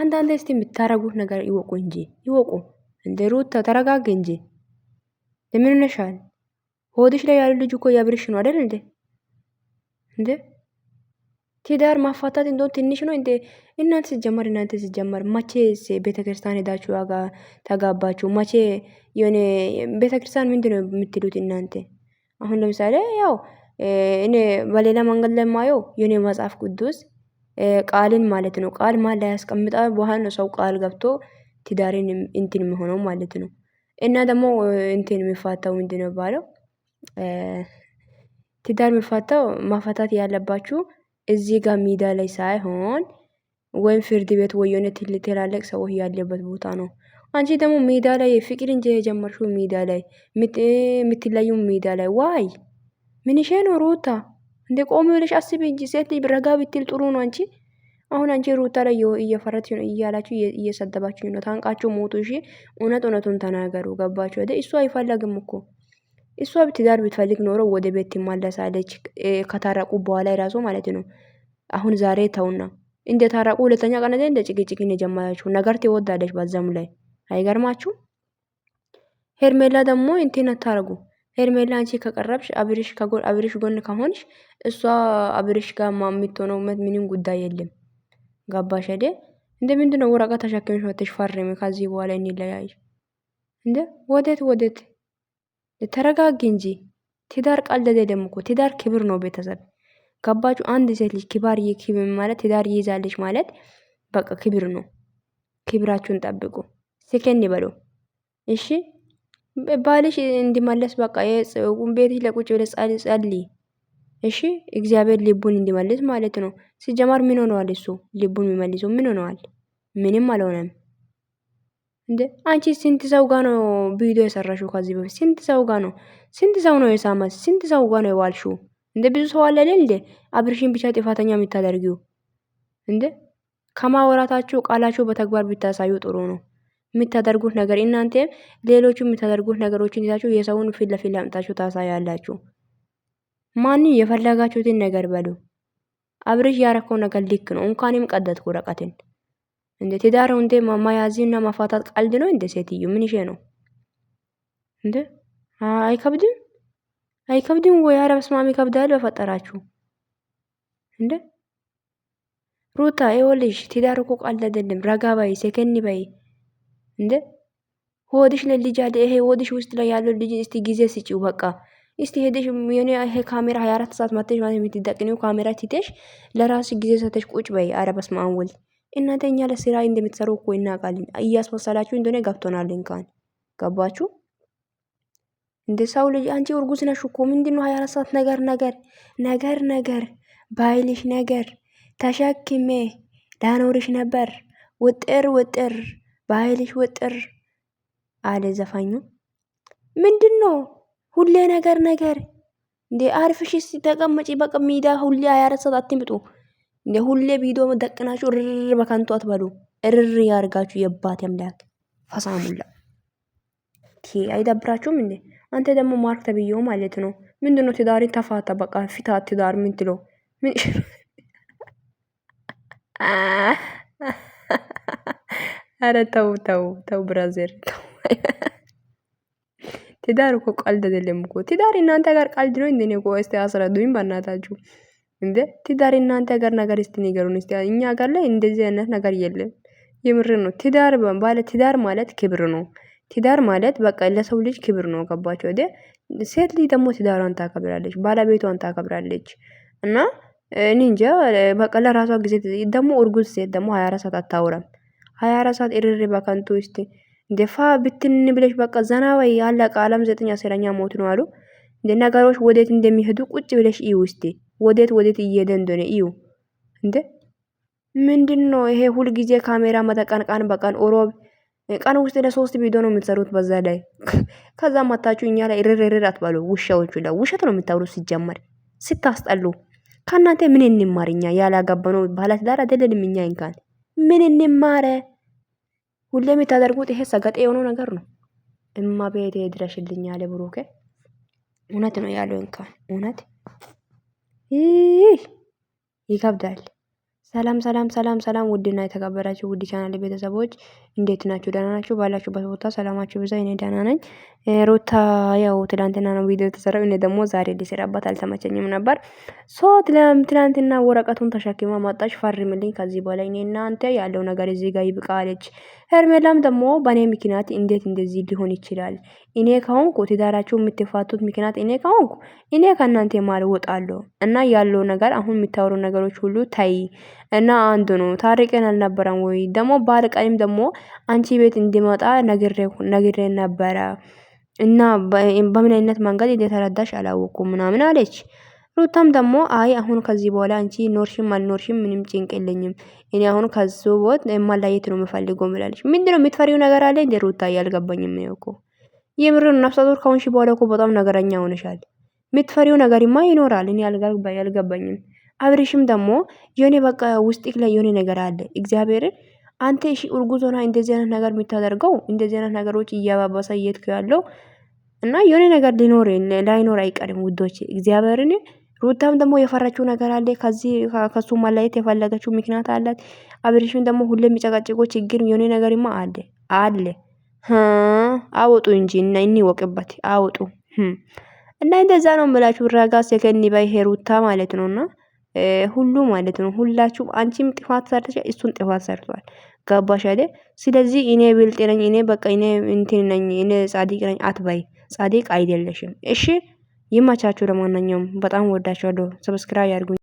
አንዳንዴ እስቲ የምታረጉት ነገር ይወቁ እንጂ ይወቁ። እንደ ሩታ ተረጋግ እንጂ ለምን ነሻል? ሆድሽ ላይ ያሉ ልጅ እኮ ያብርሽ ነው አይደል እንዴ? እንዴ ትዳር ማፋታት እንደሆን ትንሽ ነው እንዴ? እናንተ ሲጀመር እናንተ ሲጀመር መቼ ቤተክርስቲያን ሄዳችሁ ዋጋ ተጋባችሁ? መቼ የሆነ ቤተክርስቲያን ምንድን ነው የምትሉት እናንተ? አሁን ለምሳሌ ያው እኔ በሌላ መንገድ ለማየው የሆነ መጽሐፍ ቅዱስ ቃልን ማለት ነው። ቃል ማን ላይ ያስቀምጣ በኋላ ነው ሰው ቃል ገብቶ ትዳሬን እንትን የሚሆነው ማለት ነው። እና ደግሞ እንትን የሚፋታው ምንድነው ባለው ትዳር የሚፋታው ማፋታት ያለባችሁ እዚህ ጋር ሜዳ ላይ ሳይሆን ወይም ፍርድ ቤት ወይ የሆነ ትላልቅ ሰዎች ያለበት ቦታ ነው። አንቺ ደግሞ ሜዳ ላይ ፍቅር እንጂ የጀመርሽው ሜዳ ላይ የምትለዩ ሜዳ ላይ ዋይ ምንሼ ነው ሩታ እንደ ቆሚ ብለሽ አስቢ እንጂ ሴት ልጅ ረጋ ብትል ጥሩ ነው። አንቺ አሁን አንቺ ሩታ ላይ እየፈረድሽ ነው እያላችሁ እየሰደባችሁ ነው። ታንቃችሁ ሞቱ። እሺ እውነት እውነቱን ተናገሩ። ገባችሁ ወደ እሱ አይፈለግም እኮ እሷ ብትዳር ብትፈልግ ኖሮ ወደ ቤት ትመለሳለች። ከታረቁ በኋላ ራሱ ማለት ነው። አሁን ዛሬ ተውና እንደ ታረቁ ሁለተኛ ቀን እንደ ጭቅጭቅ የጀመራችሁ ነገር ትወዳለች። በዛም ላይ አይገርማችሁ። ሄርሜላ ደግሞ እንትን አታረጉ። ሄርሜላ አንቺ ከቀረብሽ አብሪሽ አብሪሽ ጎን ከሆንሽ እሷ አብሪሽ ጋር የምትሆነው ምንም ጉዳይ የለም። ገባሽ ሄደ እንደ ምንድነው ወረቀት ተሸክመሽ ወጥተሽ ፈርሚ፣ ከዚህ በኋላ እንለያይ። እንደ ወዴት ወዴት? ተረጋጊ እንጂ ትዳር ቀልድ አይደለም እኮ ትዳር ክብር ነው። ቤተሰብ ገባችሁ? አንድ ሴት ልጅ ክባር ይክብር ማለት ትዳር ይይዛለች ማለት በቃ ክብር ነው። ክብራችሁን ጠብቁ። ስከን ይበሉ። እሺ ባልሽ እንዲመለስ በቃ የጽቁም ቤትሽ ለቁጭ ብለሽ ጸልይ። እሺ እግዚአብሔር ልቡን እንዲመልስ ማለት ነው። ሲጀማር ምን ሆነዋል? እሱ ልቡን የሚመልሰው ምን ሆነዋል? ምንም አልሆነም። እንደ አንቺ ስንት ሰው ጋር ነው ቪዲዮ የሰራሽው? ከዚህ በፊት ስንት ሰው ጋር ነው ስንት ሰው ነው የሳመሽ? ስንት ሰው ጋር ነው የዋልሽው? እንደ ብዙ ሰው አለ አይደል? አብርሽን ብቻ ጥፋተኛ የምታደርጊው እንደ ከማወራታችሁ ቃላችሁ በተግባር ብታሳዩ ጥሩ ነው። የምታደርጉት ነገር እናንተ ሌሎቹ የምታደርጉት ነገሮችን ይዛችሁ የሰውን ፊት ለፊት ላምጣችሁ ታሳያላችሁ። ማን የፈለጋችሁትን ነገር በሉ። አብርሽ ያረከው ነገር ልክ ነው። እንኳንም ቀደድኩ ወረቀትን። እንደ ትዳር እንደ መያዝና ማፋታት ቀልድ ነው እንደ ሴትዮ ምን ይሄ ነው እንዴ? አይከብድም አይከብድም ወይ? አረ በስመ አብ ይከብዳል። በፈጠራችሁ እንዴ ሩታ ይኸውልሽ፣ ትዳር እኮ ቀልድ አይደለም። ረጋ በይ፣ ሰከን በይ። እንዴ ሆድሽ ለልጅ አለ። ይሄ ሆድሽ ውስጥ ላይ ያለው ልጅ እስቲ ጊዜ ስጪው በቃ። እስቲ ሄደሽ የሆነ ይሄ ካሜራ 24 ሰዓት ማተሽ ማለት የምትደቅኒው ካሜራ ትተሽ ለራስ ጊዜ ሰተሽ ቁጭ በይ። አረ በስመ አብ ወልድ እናንተ እኛ ለስራ እንደምትሰሩ እኮ እናውቃለን። እያስመሰላችሁ እንደሆነ ገብቶናል። እንኳን ገባችሁ እንደ ሰው ልጅ አንቺ እርጉዝ ነሽ እኮ ምንድነው 24 ሰዓት ነገር ነገር ነገር ነገር ባይልሽ ነገር ተሸክሜ ዳኖርሽ ነበር ውጥር ውጥር ባይልሽ ውጥር አለ ዘፋኙ ምንድነው ሁሌ ነገር ነገር እንዴ አርፍሽ ተቀመጪ። በቃ ሚዲያ ሁሌ አያረሰ አትምጡ እንዴ ሁሌ ቪዲዮ መደቅናችሁ እርር በከንቱ አትበሉ። እርር ያርጋችሁ የባት አምላክ ፈሳሙላ ቲ አይደብራችሁም እንዴ? አንተ ደግሞ ማርክ ተብዬው ማለት ነው። ምንድነው ትዳርን ተፋታ በቃ ፊታ ትዳር ምን ትሎ ምን አረ ተው ተው ተው ብራዘር ትዳር እኮ ቀልድ አይደለም እኮ ትዳር እናንተ ጋር ቀልድ ነው እንደኔ እኮ እስቲ አስረዱኝ በእናታችሁ እንዴ! ትዳር እናንተ ጋር ነገር እስቲ ንገሩን እስቲ። እኛ ጋር ላይ እንደዚህ አይነት ነገር የለም። የምር ነው። ትዳር ባለ ትዳር ማለት ክብር ነው። ትዳር ማለት በቃ ለሰው ልጅ ክብር ነው። ገባችሁ አይደል? ሴት ልጅ ደግሞ ትዳሯን ታከብራለች፣ ባለቤቷን ታከብራለች እና እኔ እንጃ በቃ ለራሷ ጊዜ ደግሞ እርጉዝ ሴት ደግሞ ሀያ አራት ሰዓት አታውራም። ሀያ አራት ሰዓት እርር በከንቱ እስቲ ደፋ ብትን ብለሽ በቃ ዘና ወይ አለቃ። ዓለም ዘጠኝ አስረኛ ሞት ነው አሉ። እንደ ነገሮች ወዴት እንደሚሄዱ ቁጭ ብለሽ እዩ። እስቲ፣ ወዴት ወዴት እየሄደ እንደሆነ እዩ። እንደ ምንድን ነው ይሄ ሁልጊዜ ካሜራ መተቀን ቀን በቀን ኦሮብ ቀን ውስጥ ለሶስት ቪዲዮ ነው የምትሰሩት። በዛ ላይ ከዛ ማታችሁ እኛ ላይ ርርርር አትባሉ። ውሻዎቹ ላይ ውሸት ነው የምታውሉት። ሲጀመር ስታስጠሉ ከእናንተ ምን እንማርኛ? ያላገባነው ባለትዳር አይደለንም እኛ። እንኳን ምን እንማረ ሁሌ የምታደርጉት ይሄ ሰገጤ የሆነው ነገር ነው። እማ ቤቴ ድረሽልኝ ያለ ብሩኬ እውነት ነው ያለው። እንኳን እውነት ይከብዳል። ሰላም ሰላም ሰላም ሰላም! ውድና የተከበራችሁ ውድ ቻናል ቤተሰቦች እንዴት ናችሁ? ደህና ናችሁ? ባላችሁበት ቦታ ሰላማችሁ ብዛ። እኔ ደህና ነኝ። ሩታ ያው ትላንትና ነው ቪዲዮ የተሰራው። እኔ ደግሞ ዛሬ ሊሰራባት አልተመቸኝም ነበር። ሶ ትላንትና ወረቀቱን ተሸክማ ማጣች። ፈርምልኝ ከዚህ በላይ እኔ እናንተ ያለው ነገር እዚህ ጋር ይብቃለች። ሄርሜላም ደግሞ በእኔ ምክንያት እንዴት እንደዚህ ሊሆን ይችላል? እኔ ከሆንኩ ትዳራችሁ የምትፋቱት ምክንያት እኔ ከሆንኩ እኔ ከእናንተ ማል ወጣለሁ እና ያለው ነገር አሁን የሚታወሩ ነገሮች ሁሉ ታይ እና አንዱ ነው። ታርቀን አልነበረም ወይ? ደግሞ ባርቀንም ደግሞ አንቺ ቤት እንዲመጣ ነግሬ ነበረ እና በምን አይነት መንገድ እንደተረዳሽ አላወቁ ምናምን አለች። ሩታም ደግሞ አይ አሁን ከዚህ በኋላ አንቺ ኖርሽም አልኖርሽም ምንም ጭንቅ የለኝም፣ እኔ አሁን ከሱ ቦት ማላየት ነው የምፈልገው ምላለች። ነው የምትፈሪው ነገር አለ እንዴ ሩታ እያልገባኝም ነው እኮ የምርን ነፍሰ ጡር ከሆንሽ በኋላ እኮ በጣም ነገረኛ ሆነሻል። የምትፈሪው ነገርማ ይኖራል። እኔ አልገባኝም። አብሪሽም ደግሞ የሆነ በቃ ውስጥ ላይ የሆነ ነገር አለ እግዚአብሔር አንተ እሺ እርጉዝ እንደዚህ አይነት ነገር የምታደርገው እንደዚህ አይነት ነገሮች እያባባሰ እየሄድክ ያለው እና የሆነ ነገር ሊኖር ላይኖር አይቀርም ውዶች እግዚአብሔርን ሩታም ደግሞ የፈራችው ነገር አለ። ከዚህ ከሱ መለየት የፈለገችው ምክንያት አላት። አብሬሽን ደግሞ ሁሌ የሚጨቃጭቆ ችግር የሆነ ነገርማ አለ አለ። አውጡ እንጂ እና እንወቅበት አውጡ እና እንደዛ ነው የምላችሁ። ረጋ ሰከን ባይ ሩታ ማለት ነውና ሁሉ ማለት ነው ሁላችሁ፣ አንቺም ጥፋት ሰርተሽ እሱን ጥፋት ሰርቷል። ገባሽ አይደል? ስለዚህ እኔ ብልጥ ነኝ፣ እኔ በቃ እኔ እንትን ነኝ፣ እኔ ጻዲቅ ነኝ አትበይ። ጻዲቅ አይደለሽም። እሺ ይማቻችሁ። ለማናኛውም በጣም ወዳችኋለሁ። ሰብስክራይብ ያድርጉኝ።